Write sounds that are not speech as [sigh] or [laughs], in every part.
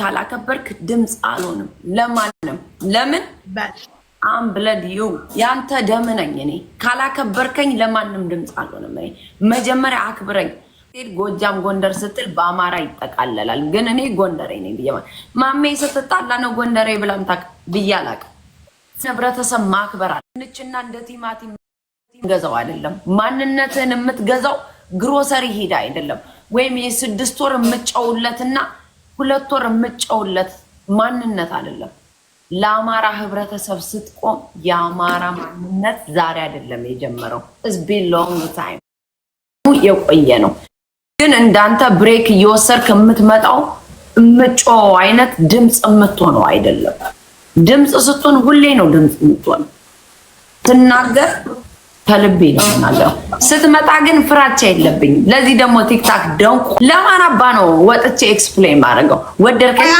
ካላከበርክ ድምፅ አልሆንም ለማንም። ለምን አም ብለድ ዩ ያንተ ደም ነኝ እኔ። ካላከበርከኝ ለማንም ድምፅ አልሆንም እኔ። መጀመሪያ አክብረኝ። ጎጃም ጎንደር ስትል በአማራ ይጠቃለላል፣ ግን እኔ ጎንደሬ ነኝ ብዬ ማሜ ስትጣላ ነው ጎንደሬ ብላም ብዬ አላውቅም። ህብረተሰብ ማክበር አለ። ንችና እንደ ቲማቲም ገዛው አይደለም ማንነትህን የምትገዛው ግሮሰሪ ሂዳ አይደለም ወይም የስድስት ወር የምትጨውለትና ሁለት ወር የምጨውለት ማንነት አይደለም። ለአማራ ህብረተሰብ ስትቆም የአማራ ማንነት ዛሬ አይደለም የጀመረው እስቢ ሎንግ ታይም የቆየ ነው። ግን እንዳንተ ብሬክ እየወሰድክ የምትመጣው የምጮ አይነት ድምፅ የምትሆነው አይደለም። ድምፅ ስትሆን ሁሌ ነው ድምፅ የምትሆነው ትናገር ከልቤ ነው የምናገረው። ስትመጣ ግን ፍራቻ የለብኝም። ለዚህ ደግሞ ቲክታክ ደንቁ ለማን አባ ነው ወጥቼ ኤክስፕሌን ማድረገው ወደድከኝ።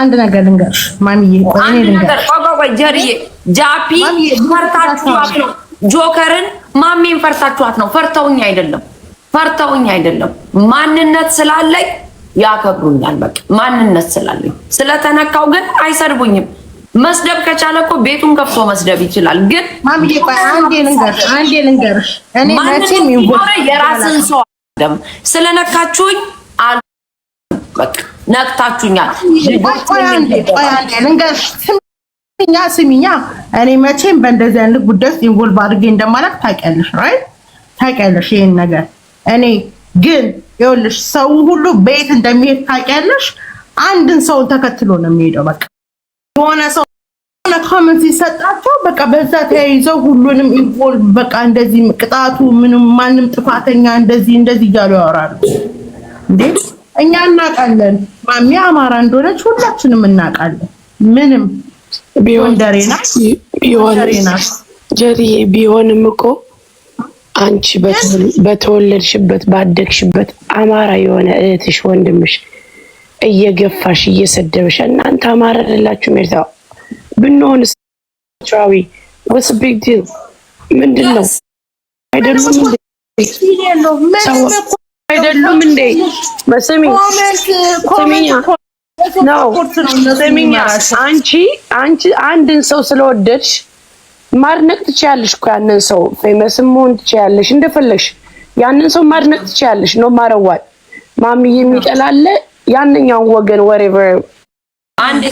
አንድ ነገር ልንገርሽ ማሚዬ፣ ጀርዬ ጃፒ ፈርታችኋት ነው ጆከርን፣ ማሜን ፈርታችኋት ነው። ፈርተውኝ አይደለም ፈርተውኝ አይደለም። ማንነት ስላለኝ ያከብሩኛል። በቃ ማንነት ስላለኝ፣ ስለተነካው ግን አይሰድቡኝም። መስደብ ከቻለ እኮ ቤቱን ከፍቶ መስደብ ይችላል። ግን አንዴ ልንገርሽ እኔ መቼም የራስን ሰው አይደለም ስለነካችሁኝ ነቅታችሁኛል። ልንገርሽ ስሚኛ ስሚኛ እኔ መቼም በእንደዚህ አይነት ጉዳይ ውስጥ ኢንቮልቭ አድርጌ እንደማላክ ታውቂያለሽ፣ ራይ ታውቂያለሽ። ይሄን ነገር እኔ ግን ይኸውልሽ ሰው ሁሉ ቤት እንደሚሄድ ታውቂያለሽ። አንድን ሰውን ተከትሎ ነው የሚሄደው በቃ የሆነ ሰው የሆነ ኮመንት ሲሰጣቸው በቃ በዛ ተያይዘው ሁሉንም ኢንቮልቭ በቃ እንደዚህ ቅጣቱ ምንም ማንም ጥፋተኛ እንደዚህ እንደዚህ እያሉ ያወራሉ። እንዴ እኛ እናውቃለን፣ ማሚ አማራ እንደሆነች ሁላችንም እናውቃለን። ምንም ጀሪዬ ቢሆንም እኮ አንቺ በተወለድሽበት ባደግሽበት አማራ የሆነ እህትሽ ወንድምሽ እየገፋሽ እየሰደበሽ እናንተ አማራ አይደላችሁም። ኤርትራ ብንሆን ስራዊ ወስ ቢግ ዲል ምንድን ነው? አይደሉም እንዴ? አይደሉም እንዴ? መስሚ ነው ስሚኛ፣ አንቺ አንቺ አንድን ሰው ስለወደድሽ ማድነቅ ትችያለሽ እኮ ያንን ሰው ፌመስም መሆን ትችያለሽ፣ እንደፈለግሽ ያንን ሰው ማድነቅ ትችያለሽ። ነው ማረዋል ማሚ የሚጠላለ ያንኛው ወገን ወሬቨር አንድ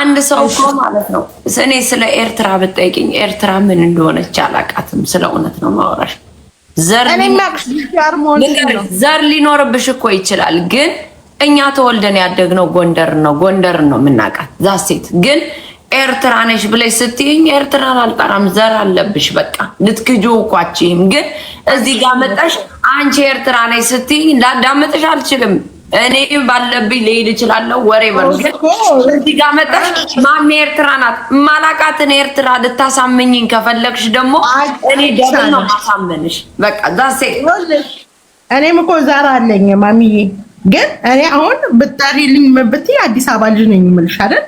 አንድ ሰው እኮ ማለት ነው። እኔ ስለ ኤርትራ ብጠይቅኝ ኤርትራ ምን እንደሆነች አላውቃትም። ስለ እውነት ነው ማውራሽ። ዘር ሊኖርብሽ እኮ ይችላል፣ ግን እኛ ተወልደን ያደግነው ጎንደር ነው። ጎንደር ነው የምናውቃት። ዛሴት ግን ኤርትራ ነሽ ብለሽ ስትይኝ ኤርትራን አልጠራም። ዘር አለብሽ በቃ ልትክጁ እኳችም ግን እዚህ ጋር መጣሽ አንቺ ኤርትራ ነኝ ስትይ ላዳመጥሽ አልችልም። እኔ ባለብኝ ልሄድ እችላለሁ። ወሬ በርግጥ እዚህ ጋር መጣሽ። ማሜ ኤርትራ ናት ማላቃትን ኤርትራ ልታሳምኝኝ ከፈለግሽ ደግሞ እኔ ደግሞ ማሳመንሽ። በቃ ዳሴ እኔም እኮ ዛራ አለኝ ማሚዬ። ግን እኔ አሁን ብጠሪልኝ ብትይ አዲስ አበባ ልጅ ነኝ የምልሽ አይደል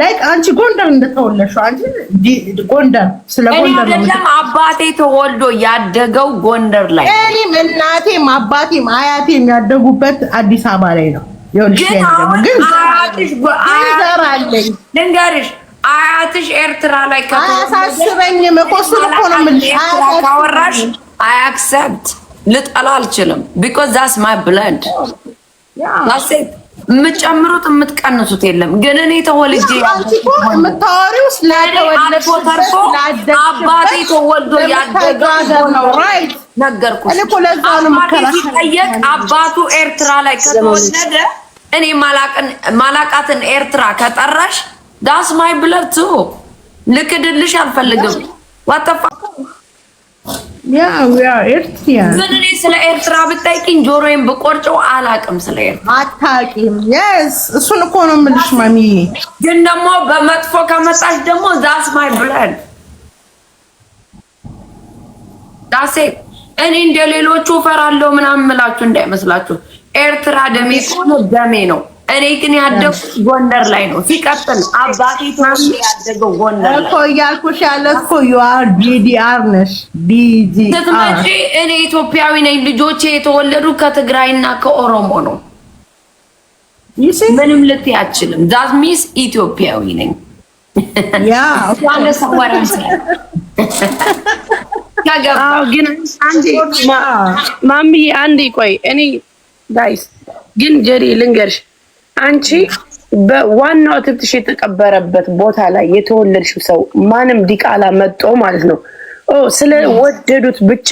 ላይክ አንቺ ጎንደር እንደተወለድሽው አንቺ ጎንደር ስለ ጎንደር ነው። አባቴ ተወልዶ ያደገው ጎንደር ላይ፣ እኔም እናቴም አባቴም አያቴም ያደጉበት አዲስ አበባ ላይ ነው። ግን ዘር አለኝ ልንገርሽ፣ አያትሽ ኤርትራ ላይ አያሳስበኝም እኮ እሱን እኮ ነው የምልሽ። ካወራሽ አይ አክሰፕት ልጠላ አልችልም ቢኮዝ ዛትስ ማይ ብለድ የምትጨምሩት የምትቀንሱት የለም። ግን እኔ ተወልጄ የምታወሪው አባቴ ተወልዶ ያደገ ነው ነገርኩሽ። ሲጠየቅ አባቱ ኤርትራ ላይ ከተወለደ እኔ ማላቃትን ኤርትራ ከጠራሽ ዳስ ማይ ብለድ ልክድልሽ አልፈልግም። ዋጠፋ እኔ ስለ ኤርትራ ብታይቂኝ ጆሮዬን ብቆርጨው አላውቅም። ስለ ኤርትራ አታውቂም? እሱን እኮ ነው የምልሽ ማሚዬ። ግን ደግሞ በመጥፎ ከመጣች ደግሞ ዛስ ማይ ብለን ዳሴ እኔ እንደሌሎቹ ሌሎቹ እፈራለሁ ምናምን እምላችሁ እንዳይመስላችሁ። ኤርትራ ደሜ ከሆነ ደሜ ነው። እኔ ግን ያደግኩት ጎንደር ላይ ነው። ሲቀጥል አባቴ ታምሜ ያደገው ጎንደር እኮ እያልኩሽ ያለ እኮ ዩ አር ዲዲአር ነሽ። ዲጂ ስትመጪ እኔ ኢትዮጵያዊ ነኝ። ልጆቼ የተወለዱ ከትግራይና ከኦሮሞ ነው። ምንም ልትይ አችልም። ዛት ሚስ ኢትዮጵያዊ ነኝ። ያ ዋለ ሰዋራስ ያገባ ግን አንዴ ማምዬ አንዴ ቆይ እኔ ጋይስ ግን ጀሪ ልንገርሽ አንቺ በዋናው ትብትሽ የተቀበረበት ቦታ ላይ የተወለድሽው ሰው ማንም ዲቃላ መጦ ማለት ነው ስለወደዱት ብቻ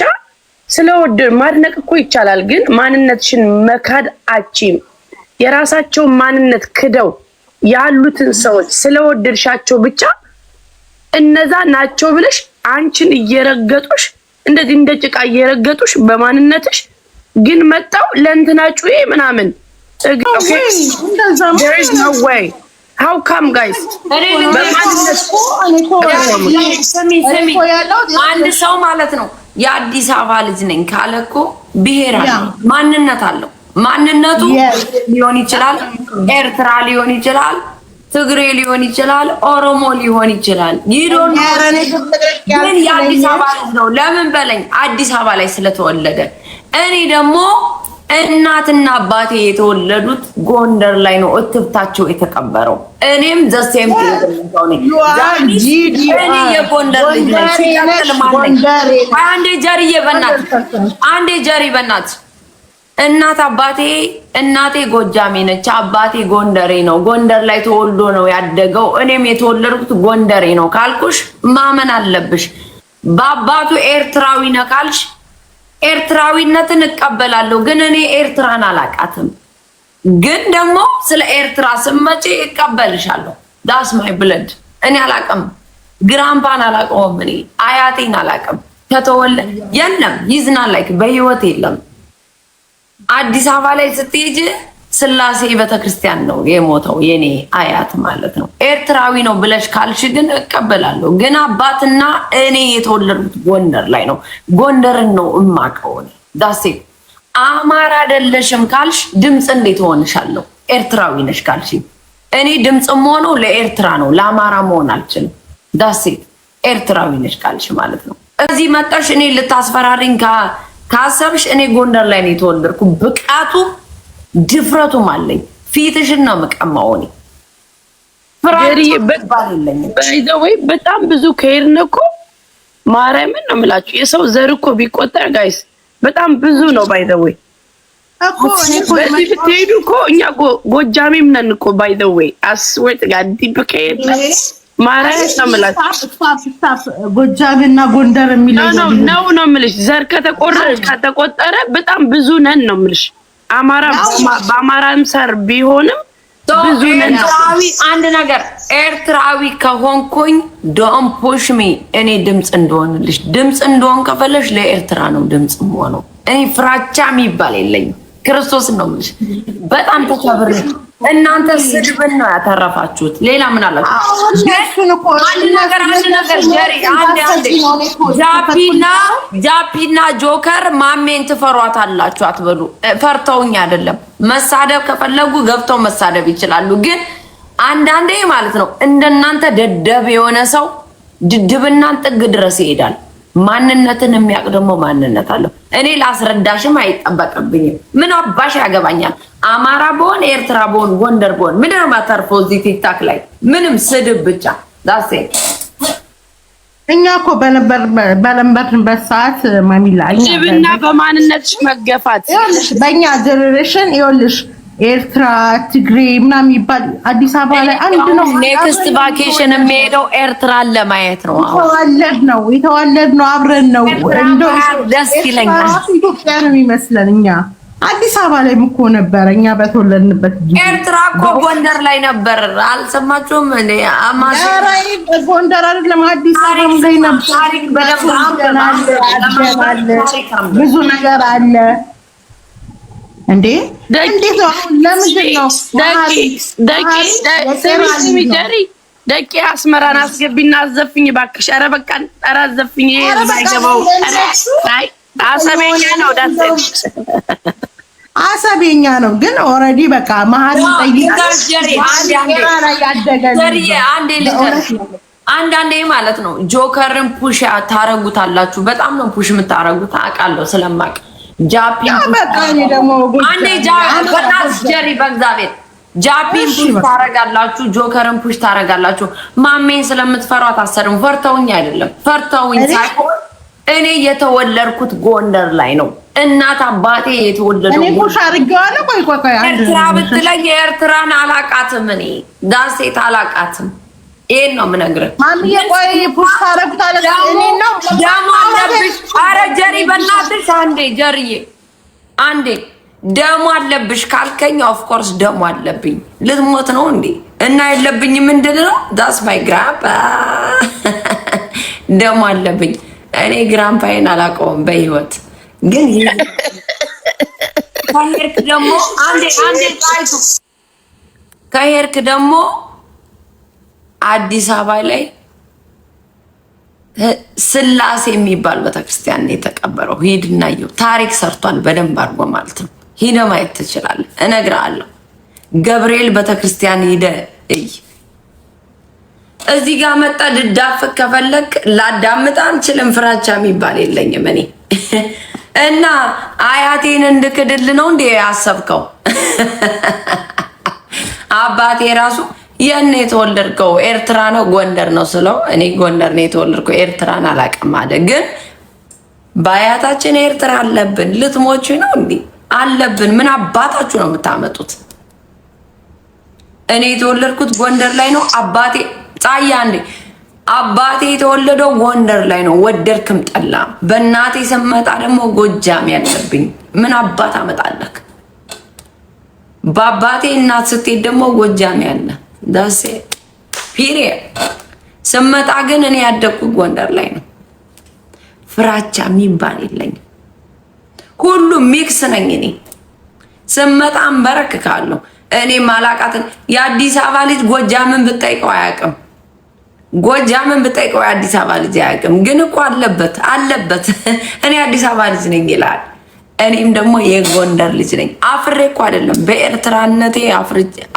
ስለወደዱ ማድነቅ እኮ ይቻላል፣ ግን ማንነትሽን መካድ አቺም የራሳቸውን ማንነት ክደው ያሉትን ሰዎች ስለወደድሻቸው ብቻ እነዛ ናቸው ብለሽ አንቺን እየረገጡሽ እንደዚህ እንደ ጭቃ እየረገጡሽ በማንነትሽ ግን መጣው ለእንትና ጩዬ ምናምን ሀው ካም ጋይስ አንድ ሰው ማለት ነው የአዲስ አበባ ልጅ ነኝ ካለ እኮ ብሔር አለው፣ ማንነት አለው። ማንነቱ ሊሆን ይችላል፣ ኤርትራ ሊሆን ይችላል፣ ትግሬ ሊሆን ይችላል፣ ኦሮሞ ሊሆን ይችላል። ይዶን ግን የአዲስ አበባ ልጅ ነው። ለምን በለኝ አዲስ አበባ ላይ ስለተወለደ እኔ ደግሞ እናትና አባቴ የተወለዱት ጎንደር ላይ ነው፣ እትብታቸው የተቀበረው። እኔም ዘሴም የጎንደር ልጅ አንዴ በናት አንዴ ጀሪ በናት እናት አባቴ እናቴ ጎጃሜ ነች፣ አባቴ ጎንደሬ ነው። ጎንደር ላይ ተወልዶ ነው ያደገው። እኔም የተወለድኩት ጎንደሬ ነው ካልኩሽ ማመን አለብሽ። በአባቱ ኤርትራዊ ነካልሽ ኤርትራዊነትን እቀበላለሁ፣ ግን እኔ ኤርትራን አላቃትም። ግን ደግሞ ስለ ኤርትራ ስመጪ እቀበልሻለሁ። ዳስ ማይ ብለድ እኔ አላቅም። ግራምፓን አላቀውም። እኔ አያቴን አላቅም። ከተወለ የለም ይዝና ላይክ በህይወት የለም። አዲስ አበባ ላይ ስትሄጅ ስላሴ ቤተክርስቲያን ነው የሞተው የኔ አያት ማለት ነው። ኤርትራዊ ነው ብለሽ ካልሽ ግን እቀበላለሁ። ግን አባትና እኔ የተወለዱት ጎንደር ላይ ነው። ጎንደርን ነው እማቀው እኔ ዳሴ። አማራ አይደለሽም ካልሽ ድምፅ እንዴት ሆንሻለሁ? ኤርትራዊ ነሽ ካልሽ እኔ ድምፅ መሆነው ለኤርትራ ነው፣ ለአማራ መሆን አልችልም። ዳሴ ኤርትራዊ ነሽ ካልሽ ማለት ነው። እዚህ መጣሽ እኔ ልታስፈራሪኝ ካሰብሽ እኔ ጎንደር ላይ ነው የተወለድኩ ብቃቱ ድፍረቱም አለኝ። ፊትሽን ነው የምቀማው እኔ ወይ በጣም ብዙ ከሄድን እኮ ማርያምን ነው የምላችሁ። የሰው ዘር እኮ ቢቆጠር ጋይስ በጣም ብዙ ነው። ባይ ዘ ወይ በዚህ ብትሄዱ እኮ እኛ ጎጃሜም ነን እኮ ባይ ዘ ወይ አስወጥ ጋር ዲብ ከሄድን ማርያምን ነው የምላችሁ። ጎጃሜና ጎንደር የሚለው ነው ነው የምልሽ። ዘር ከተቆረጠ ከተቆጠረ በጣም ብዙ ነን ነው የምልሽ አማራ በአማራም ሰር ቢሆንም ብዙ ኤርትራዊ አንድ ነገር ኤርትራዊ ከሆንኩኝ ዶን ሚ እኔ ድምፅ እንደሆንልሽ ድምፅ እንደሆን ከፈለሽ ለኤርትራ ነው ድምፅ መሆነው። እኔ ፍራቻ የሚባል የለኝም። ክርስቶስ ነው የምልሽ። በጣም ተከብሬ እናንተ ስድብን ነው ያተረፋችሁት። ሌላ ምን አላችሁ? ጃፒና ጆከር ማሜን ትፈሯት አላችሁ አትበሉ። ፈርተውኝ አይደለም። መሳደብ ከፈለጉ ገብተው መሳደብ ይችላሉ። ግን አንዳንዴ ማለት ነው እንደናንተ ደደብ የሆነ ሰው ድድብናን ጥግ ድረስ ይሄዳል። ማንነትን የሚያውቅ ደግሞ ማንነት አለው። እኔ ላስረዳሽም አይጠበቅብኝም። ምን አባሽ ያገባኛል? አማራ በሆን ኤርትራ በሆን ጎንደር በሆን ምንድን ነው የማተርፈው? እዚህ ቲክታክ ላይ ምንም ስድብ ብቻ ዳሴ። እኛ እኮ በነበርንበት ሰዓት ማሚላ እኛ በማንነትሽ መገፋት በእኛ ጀኔሬሽን ይኸውልሽ ኤርትራ፣ ትግሬ ምናምን የሚባል አዲስ አበባ ላይ አንድ ነው። ኔክስት ቫኬሽን የሚሄደው ኤርትራን ለማየት ነው። የተዋለድ ነው የተዋለድ ነው አብረን ነው። ደስ ይለኛል። ኢትዮጵያ ነው የሚመስለን እኛ አዲስ አበባ ላይ እኮ ነበረ እኛ በተወለድንበት ጊዜ። ኤርትራ እኮ ጎንደር ላይ ነበር። አልሰማችሁም? እኔ አማራይ ጎንደር አይደለም አዲስ አበባ ላይ ነበር። ብዙ ነገር አለ። እንዴ እንዴት ለምንድን ነው ደቂ ደቂ አስመራን አስገቢና አዘፍኝ እባክሽ። ኧረ በቃ ኧረ አዘፍኝ አሰቤኛ ነው አሰቤኛ ነው ግን ኦልሬዲ በቃ መሀል አንዳንዴ ማለት ነው ጆከርን ፑሽ ታረጉታላችሁ። በጣም ነው ፑሽ የምታረጉት አውቃለሁ ስለማውቅ ጃፒ በእግዚአብሔር ጃፒን ፑሽ ታረጋላችሁ፣ ጆከርን ፑሽ ታረጋላችሁ። ማሜን ስለምትፈሯት አሰርም ፈርተውኝ አይደለም ፈርተውኝ ሳይሆን እኔ የተወለድኩት ጎንደር ላይ ነው። እናት አባቴ የተወለዱ ኤርትራ ብትለኝ የኤርትራን አላቃትም። እኔ ዳሴት አላቃትም። ይሄን ነው የምነግርህ። ማሚዬ ቆይ ፑሽ ታረጉታለሽ። እኔ ነው ደሞ አለብሽ። አረ ጀሪ በእናትሽ አንዴ ጀሪዬ አንዴ ደሞ አለብሽ ካልከኝ ኦፍኮርስ ደሞ አለብኝ። ልትሞት ነው እንዴ? እና የለብኝም እንድል ነው? ዳስ ማይ ግራምፓ ደሞ አለብኝ። እኔ ግራምፓዬን አላውቀውም በህይወት ግን ከሄድክ ደግሞ አንዴ አንዴ ታይቱ ከሄድክ ደግሞ አዲስ አበባ ላይ ስላሴ የሚባል ቤተክርስቲያን የተቀበረው ሂድና እናየው። ታሪክ ሰርቷል። በደንብ አድርጎ ማለት ነው። ሂደ ማየት ትችላለህ። እነግርሃለሁ። ገብርኤል ቤተክርስቲያን ሂደ እይ። እዚህ ጋር መጣ ድዳፍ ከፈለግ ላዳምጣ አንችልም። ፍራቻ የሚባል የለኝም እኔ እና አያቴን እንድክድል ነው እንዴ ያሰብከው? አባቴ ራሱ የኔ የተወለድከው ኤርትራ ነው ጎንደር ነው ስለው፣ እኔ ጎንደር ነው የተወለድከው ኤርትራን አላውቅም አለ። ግን በአያታችን ኤርትራ አለብን። ልትሞች ነው እንዲህ አለብን። ምን አባታችሁ ነው የምታመጡት? እኔ የተወለድኩት ጎንደር ላይ ነው። አባቴ ጻያ እንዴ አባቴ የተወለደው ጎንደር ላይ ነው። ወደድክም ጠላ በእናቴ ስመጣ ደግሞ ጎጃም ያለብኝ ምን አባት አመጣለክ? በአባቴ እናት ስትሄድ ደግሞ ጎጃም ያለ ዳሴ ፒሪየድ። ስመጣ ግን እኔ ያደግኩት ጎንደር ላይ ነው። ፍራቻ የሚባል የለኝም። ሁሉም ሚክስ ነኝ እኔ። ስመጣ እንበረክካለሁ። እኔ ማላቃትን የአዲስ አበባ ልጅ ጎጃምን ብጠይቀው አያውቅም። ጎጃምን ብጠይቀው የአዲስ አበባ ልጅ አያውቅም። ግን እኮ አለበት አለበት [laughs] እኔ አዲስ አበባ ልጅ ነኝ ይላል። እኔም ደግሞ የጎንደር ልጅ ነኝ። አፍሬ እኮ አይደለም በኤርትራነቴ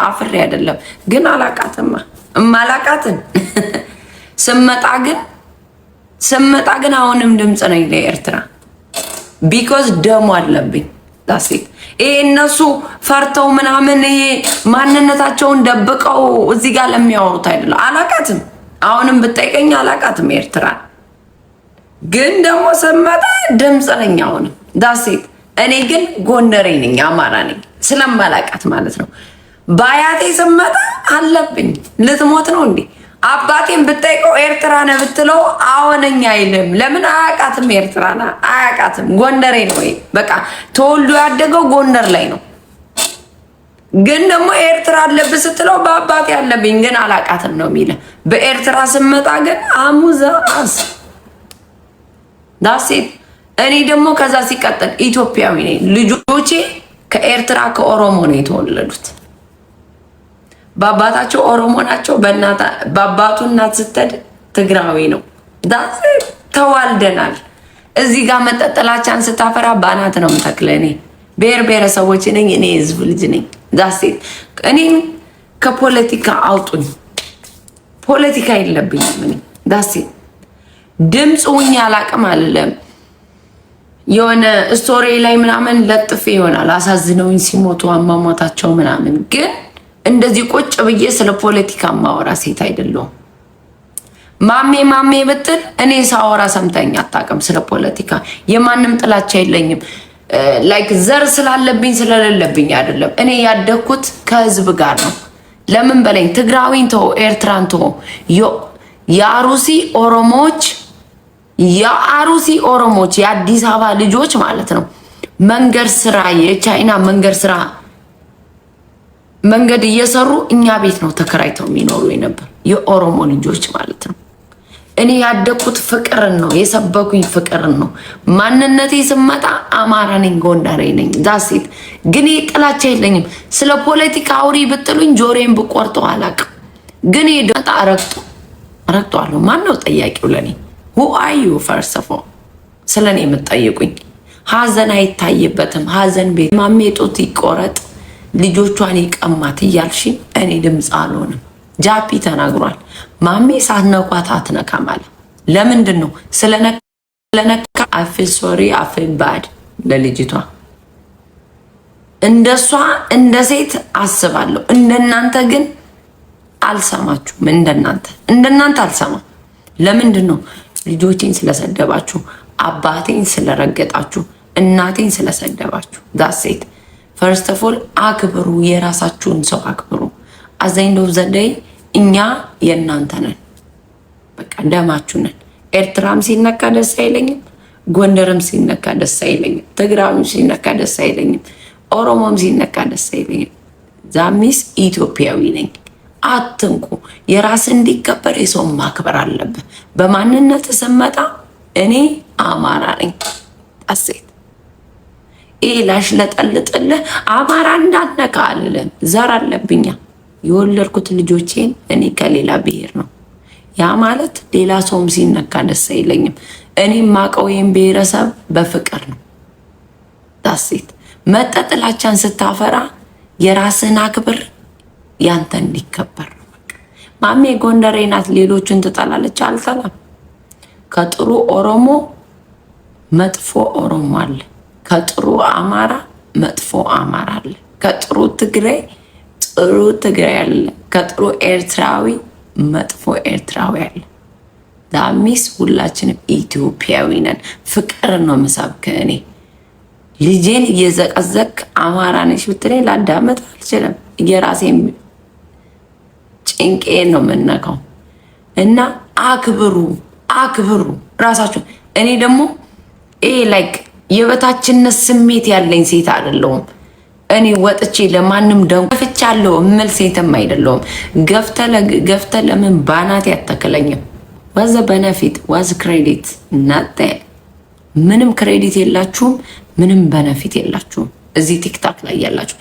አፍሬ አይደለም፣ ግን አላቃትማ እማላቃትን [laughs] ስመጣ ግን ስመጣ ግን አሁንም ድምፅ ነኝ ለኤርትራ ቢኮዝ ደሞ አለብኝ ዳሴት ይሄ እነሱ ፈርተው ምናምን ይሄ ማንነታቸውን ደብቀው እዚህ ጋር ለሚያወሩት አይደለም። አላቃትም አሁንም ብጠይቀኝ አላቃትም ኤርትራ ግን ደግሞ ስመጣ ድምፅ ነኝ አሁንም ዳሴት እኔ ግን ጎንደሬ ነኝ፣ አማራ ነኝ ስለማላቃት ማለት ነው። በአያቴ ስመጣ አለብኝ ልትሞት ነው እንዴ? አባቴን ብጠይቀው ኤርትራ ነህ ብትለው አዎ አይልም። ለምን አያቃትም፣ ኤርትራና አያቃትም። ጎንደሬ ነው ወይ በቃ ተወልዶ ያደገው ጎንደር ላይ ነው። ግን ደግሞ ኤርትራ አለብህ ስትለው በአባቴ አለብኝ ግን አላቃትም ነው የሚለ። በኤርትራ ስመጣ ግን አሙዛአስ ዳሴት እኔ ደግሞ ከዛ ሲቀጥል ኢትዮጵያዊ ነኝ። ልጆቼ ከኤርትራ ከኦሮሞ ነው የተወለዱት። በአባታቸው ኦሮሞ ናቸው። በአባቱ እናት ስትሄድ ትግራዊ ነው። ተዋልደናል። እዚህ ጋር መጠጠላቻን ስታፈራ በአናት ነው የምተክለ። እኔ ብሔር ብሔረሰቦች ነኝ። እኔ ህዝብ ልጅ ነኝ። ዳሴ እኔም ከፖለቲካ አውጡኝ። ፖለቲካ የለብኝም። ዳሴ ድምፅ ውኝ አላቅም አለም የሆነ ስቶሪ ላይ ምናምን ለጥፌ ይሆናል አሳዝነውኝ ሲሞቱ አሟሟታቸው ምናምን። ግን እንደዚህ ቁጭ ብዬ ስለ ፖለቲካ ማወራ ሴት አይደለሁም። ማሜ ማሜ ብትል እኔ ሳወራ ሰምተኝ አታውቅም። ስለ ፖለቲካ የማንም ጥላቻ የለኝም። ላይክ ዘር ስላለብኝ ስለሌለብኝ አይደለም። እኔ ያደግኩት ከህዝብ ጋር ነው። ለምን በለኝ ትግራዊን ተወ ኤርትራን ተወ የአሩሲ ኦሮሞዎች የአሩሲ ኦሮሞች የአዲስ አበባ ልጆች ማለት ነው መንገድ ስራ የቻይና መንገድ ስራ መንገድ እየሰሩ እኛ ቤት ነው ተከራይተው የሚኖሩ የነበር የኦሮሞ ልጆች ማለት ነው። እኔ ያደኩት ፍቅርን ነው የሰበኩኝ ፍቅርን ነው። ማንነቴ ስመጣ አማራ ነኝ፣ ጎንደሬ ነኝ። ዛሴት ግን ጥላቻ የለኝም። ስለ ፖለቲካ አውሪ ብጥሉኝ ጆሬን ብቆርጠው አላውቅም። ግን ጣ ረግጦ ረግጧለሁ። ማን ነው ጠያቂው ለኔ? ሁ አር ዩ ፈርስ ኦፍ ኦል ስለ እኔ የምትጠይቁኝ። ሀዘን አይታይበትም። ሀዘን ቤት ማሜ ጡት ይቆረጥ ልጆቿን ይቀማት እያልሽ እኔ ድምፅ አልሆንም። ጃፒ ተናግሯል። ማሜ ሳትነኳት አትነካም አለ። ለምንድን ነው ስለነካ? አፌል ሶሪ አፌል ባድ ለልጅቷ እንደሷ እንደ ሴት አስባለሁ። እንደናንተ ግን አልሰማችሁም። እንደናንተ እንደናንተ አልሰማም። ለምንድን ነው ልጆቼን ስለሰደባችሁ፣ አባቴን ስለረገጣችሁ፣ እናቴን ስለሰደባችሁ ዳሴት ፈርስት ኦፍ ኦል አክብሩ፣ የራሳችሁን ሰው አክብሩ። አዘኝዶ ዘደይ እኛ የእናንተ ነን፣ በቃ ደማችሁ ነን። ኤርትራም ሲነካ ደስ አይለኝም፣ ጎንደርም ሲነካ ደስ አይለኝም፣ ትግራም ሲነካ ደስ አይለኝም፣ ኦሮሞም ሲነካ ደስ አይለኝም። ዛሚስ ኢትዮጵያዊ ነኝ። አትንቁ። የራስ እንዲከበር የሰውን ማክበር አለብህ። በማንነት ስመጣ እኔ አማራ ነኝ ሴት ይህ ለጠልጥልህ አማራ እንዳትነካ ዘር አለብኛ የወለድኩት ልጆቼን እኔ ከሌላ ብሔር ነው። ያ ማለት ሌላ ሰውም ሲነካ ደስ አይለኝም። እኔ ማቀው ይህም ብሔረሰብ በፍቅር ነው። ታሴት መጠጥላቻን ስታፈራ የራስህን አክብር። ያንተ እንዲከበር ነው። በቃ ማሜ ጎንደሬ ናት፣ ሌሎችን ትጠላለች። አልጠላም። ከጥሩ ኦሮሞ መጥፎ ኦሮሞ አለ። ከጥሩ አማራ መጥፎ አማራ አለ። ከጥሩ ትግራይ ጥሩ ትግራይ አለ። ከጥሩ ኤርትራዊ መጥፎ ኤርትራዊ አለ። ዳሚስ ሁላችንም ኢትዮጵያዊ ነን። ፍቅር ነው ምሳብክ እኔ ልጄን እየዘቀዘቅ አማራ ነሽ ብትለኝ ላዳመጥ አልችልም። የራሴ ጭንቄን ነው የምነካው። እና አክብሩ አክብሩ ራሳችሁ። እኔ ደግሞ ይሄ ላይክ የበታችነት ስሜት ያለኝ ሴት አይደለሁም። እኔ ወጥቼ ለማንም ደግሞ ገፍቻለሁ እምል ሴትም አይደለሁም። ገፍተ ለምን ባናት ያተክለኝም ዋዘ በነፊት ዋዝ ክሬዲት እናጠ ምንም ክሬዲት የላችሁም፣ ምንም በነፊት የላችሁም። እዚህ ቲክታክ ላይ ያላችሁ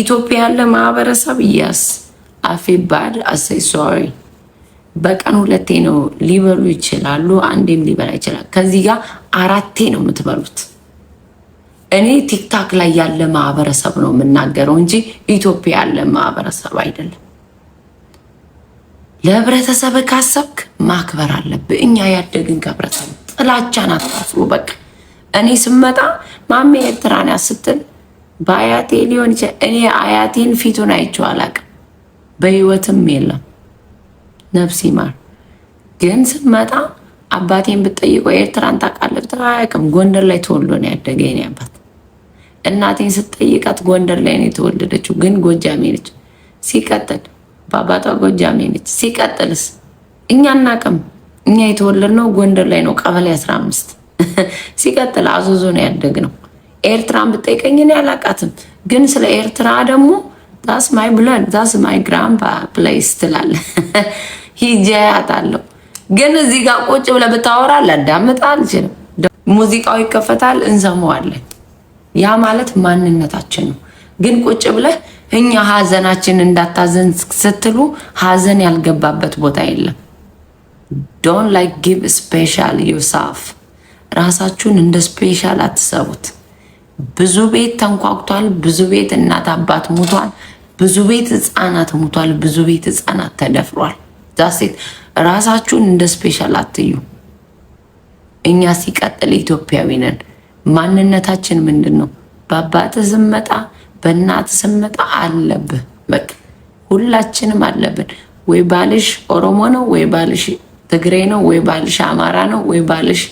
ኢትዮጵያ ያለ ማህበረሰብ ያስ አፌ ባድ አሰይ ሶሪ። በቀን ሁለቴ ነው ሊበሉ ይችላሉ፣ አንዴም ሊበላ ይችላል። ከዚህ ጋር አራቴ ነው የምትበሉት። እኔ ቲክታክ ላይ ያለ ማህበረሰብ ነው የምናገረው እንጂ ኢትዮጵያ ያለ ማህበረሰብ አይደለም። ለህብረተሰብ ካሰብክ ማክበር አለብህ። እኛ ያደግን ከህብረተሰብ ጥላቻን አታፍሩ። በቃ እኔ ስመጣ ማሜ ኤርትራን ስትል በአያቴ ሊሆን ይችላል። እኔ አያቴን ፊቱን አይቼው አላውቅም። በህይወትም የለም። ነፍስ ይማር። ግን ስመጣ አባቴን ብትጠይቀው ኤርትራን ታውቃለህ ብትለው አያውቅም። ጎንደር ላይ ተወልዶ ነው ያደገ የኔ አባት። እናቴን ስትጠይቃት ጎንደር ላይ ነው የተወለደችው፣ ግን ጎጃሜ ነች። ሲቀጥል በአባቷ ጎጃሜ ነች። ሲቀጥልስ እኛ እናቅም። እኛ የተወለድነው ጎንደር ላይ ነው፣ ቀበሌ 15 [laughs] ሲቀጥል አዞዞ ነው ያደግነው። ኤርትራን ብትጠይቀኝ እኔ አላውቃትም፣ ግን ስለ ኤርትራ ደግሞ ዛስ ማይ ብሎድ ዛስ ማይ ግራምፓ ፕሌስ ትላለ። ሂጄ አያታለሁ። ግን እዚህ ጋር ቁጭ ብለህ ብታወራ ላዳምጥ አልችልም። ሙዚቃው ይከፈታል፣ እንሰማዋለን። ያ ማለት ማንነታችን ነው። ግን ቁጭ ብለህ እኛ ሀዘናችን እንዳታዘን ስትሉ ሀዘን ያልገባበት ቦታ የለም። ዶን ላይክ ጊቭ ስፔሻል ዩሳፍ ራሳችሁን እንደ ስፔሻል አትሰቡት። ብዙ ቤት ተንኳኩቷል። ብዙ ቤት እናት አባት ሙቷል። ብዙ ቤት ህፃናት ሞቷል። ብዙ ቤት ህፃናት ተደፍሯል። ዛሴት ራሳችሁን እንደ ስፔሻል አትዩ። እኛ ሲቀጥል ኢትዮጵያዊ ነን። ማንነታችን ምንድን ነው? በአባት ስመጣ በእናት ስመጣ አለብህ። በቃ ሁላችንም አለብን። ወይ ባልሽ ኦሮሞ ነው፣ ወይ ባልሽ ትግሬ ነው፣ ወይ ባልሽ አማራ ነው፣ ወይ ባልሽ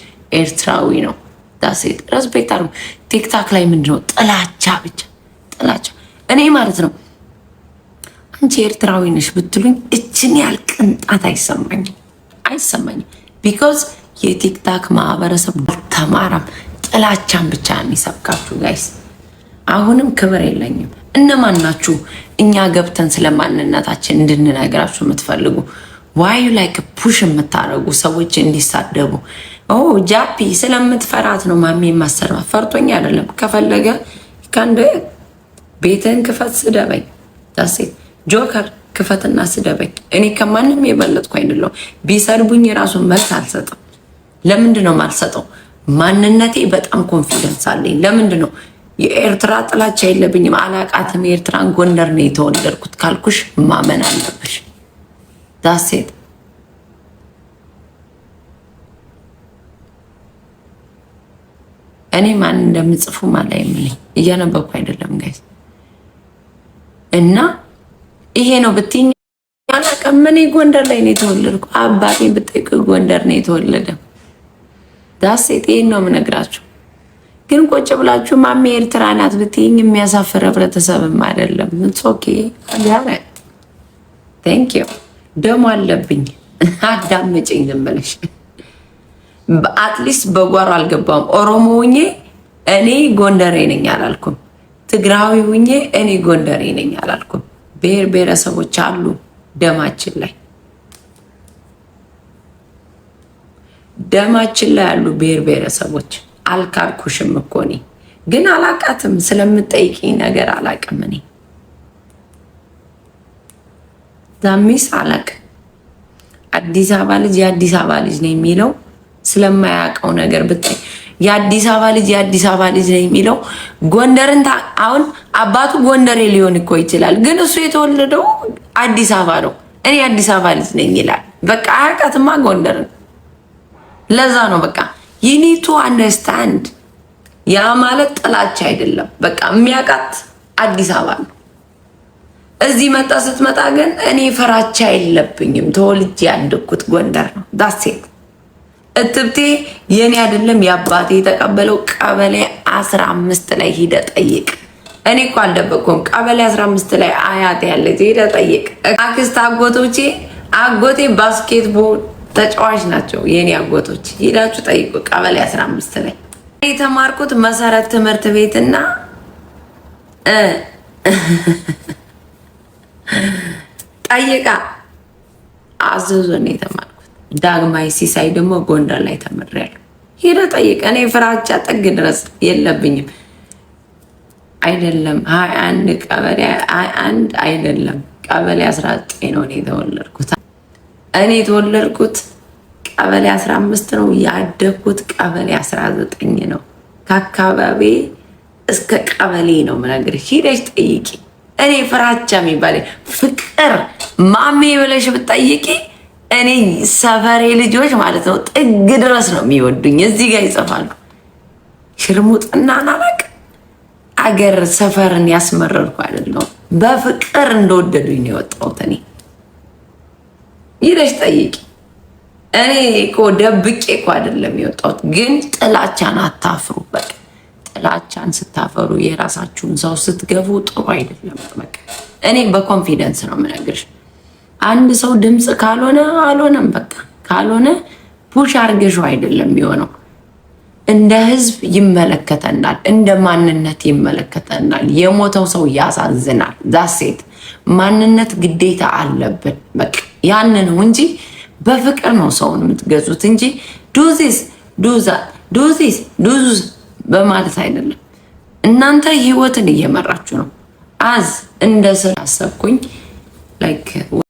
ኤርትራዊ ነው። ዳሴት ረስፔክት ቲክታክ ላይ ምንድነው? ጥላቻ ብቻ ጥላቻ። እኔ ማለት ነው አንቺ ኤርትራዊ ነሽ ብትሉኝ እችን ያህል ቅንጣት አይሰማኝም አይሰማኝም። ቢኮዝ የቲክታክ ማህበረሰብ አልተማረም። ጥላቻን ብቻ የሚሰብካችሁ ጋይስ፣ አሁንም ክብር የለኝም። እነማን ናችሁ እኛ ገብተን ስለማንነታችን ማንነታችን እንድንነግራችሁ የምትፈልጉ? ዋዩ ላይክ ፑሽ የምታደርጉ ሰዎች እንዲሳደቡ ጃፒ ስለምትፈራት ነው ማሜ ማሰራ ፈርቶኝ አይደለም። ከፈለገ ከንደ ቤትህን ክፈት ስደበኝ ዳሴ ጆከር ክፈትና ስደበኝ። እኔ ከማንም የበለጥኩ አይደለሁ። ቢሰድቡኝ የራሱ መልስ አልሰጥም። ለምንድ ነው ማልሰጠው? ማንነቴ በጣም ኮንፊደንስ አለኝ። ለምንድ ነው የኤርትራ ጥላቻ የለብኝም። አላቃትም። የኤርትራን ጎንደር ነው የተወለድኩት ካልኩሽ ማመን አለብሽ። ዳሴት እኔ ማን እንደምጽፉ ማላ የምልኝ እያነበብኩ አይደለም ጋይስ እና ይሄ ነው ብትይኝ አላውቅም። እኔ ጎንደር ላይ ነው የተወለድኩ። አባቴን ብጠይቅ ጎንደር ነው የተወለደ። ዳሴት ይሄን ነው የምነግራችሁ። ግን ቁጭ ብላችሁ ማሜ ኤርትራ ናት ብትይኝ የሚያሳፍር ህብረተሰብም አይደለም። ኦኬ አጋረ ቴንክ ዩ ደሞ አለብኝ። አዳመጭኝ ልምልሽ። አትሊስት በጓሮ አልገባውም። ኦሮሞ ሁኜ እኔ ጎንደሬ ነኝ አላልኩም። ትግራዊ ሁኜ እኔ ጎንደሬ ነኝ አላልኩም። ብሔር ብሔረሰቦች አሉ ደማችን ላይ ደማችን ላይ ያሉ ብሔር ብሔረሰቦች አልካልኩሽም እኮ እኔ ግን አላቃትም። ስለምጠይቅኝ ነገር አላቅም። እኔ ዛሚስ አላቅ አዲስ አበባ ልጅ የአዲስ አበባ ልጅ ነው የሚለው ስለማያውቀው ነገር ብታይ የአዲስ አበባ ልጅ የአዲስ አበባ ልጅ ነው የሚለው ጎንደርን አሁን አባቱ ጎንደሬ ሊሆን እኮ ይችላል፣ ግን እሱ የተወለደው አዲስ አበባ ነው። እኔ የአዲስ አበባ ልጅ ነኝ ይላል። በቃ አያውቃትማ ጎንደርን። ለዛ ነው በቃ ዩኒቱ አንደርስታንድ። ያ ማለት ጥላቻ አይደለም። በቃ የሚያውቃት አዲስ አበባ ነው። እዚህ መጣ ስትመጣ ግን እኔ ፈራቻ የለብኝም። ተወልጄ ያደግኩት ጎንደር ነው። ዳሴት እትብቴ የኔ አይደለም የአባቴ የተቀበለው ቀበሌ 15 ላይ ሂደ ጠይቅ። እኔ እኮ አልደበቅኩም። ቀበሌ 15 ላይ አያት ያለች ሂደ ጠይቅ። አክስት አጎቶቼ አጎቴ ባስኬትቦል ተጫዋች ናቸው። የኔ አጎቶች ሂዳችሁ ጠይቁ። ቀበሌ 15 ላይ የተማርኩት መሰረት ትምህርት ቤትና ጠይቃ አዘዞን የተማርኩት ዳግማዊ ሲሳይ ደግሞ ጎንደር ላይ ተምሬያለሁ። ሄደህ ጠይቅ። እኔ ፍራቻ ጥግ ድረስ የለብኝም። አይደለም ሀያ አንድ ቀበሌ ሀያ አንድ አይደለም ቀበሌ አስራ ዘጠኝ ነው እኔ የተወለድኩት። እኔ የተወለድኩት ቀበሌ አስራ አምስት ነው ያደግኩት ቀበሌ አስራ ዘጠኝ ነው። ከአካባቢ እስከ ቀበሌ ነው የምነግርሽ። ሂደሽ ጠይቂ። እኔ ፍራቻ የሚባል ፍቅር ማሜ ብለሽ ብትጠይቂ እኔ ሰፈሬ ልጆች ማለት ነው ጥግ ድረስ ነው የሚወዱኝ። እዚህ ጋር ይጽፋሉ። ሽርሙጥናን አላውቅም። አገር ሰፈርን ያስመረርኩ አይደለሁም። በፍቅር እንደወደዱኝ ነው የወጣሁት። እኔ ይለሽ ጠይቂ። እኔ እኮ ደብቄ እኮ አይደለም የወጣሁት፣ ግን ጥላቻን አታፍሩ። በቃ ጥላቻን ስታፈሩ የራሳችሁን ሰው ስትገቡ ጥሩ አይደለም። በቃ እኔ በኮንፊደንስ ነው የምነግርሽ አንድ ሰው ድምፅ ካልሆነ አልሆነም፣ በቃ ካልሆነ ፑሽ አርገሾ አይደለም የሚሆነው። እንደ ህዝብ ይመለከተናል፣ እንደ ማንነት ይመለከተናል። የሞተው ሰው ያሳዝናል። ዛሴት ማንነት ግዴታ አለብን። በቃ ያን ነው እንጂ በፍቅር ነው ሰውን የምትገዙት እንጂ ዱዚስ ዱዛ ዱዚስ ዱዙዝ በማለት አይደለም። እናንተ ህይወትን እየመራችሁ ነው። አዝ እንደ ስር አሰብኩኝ ላይክ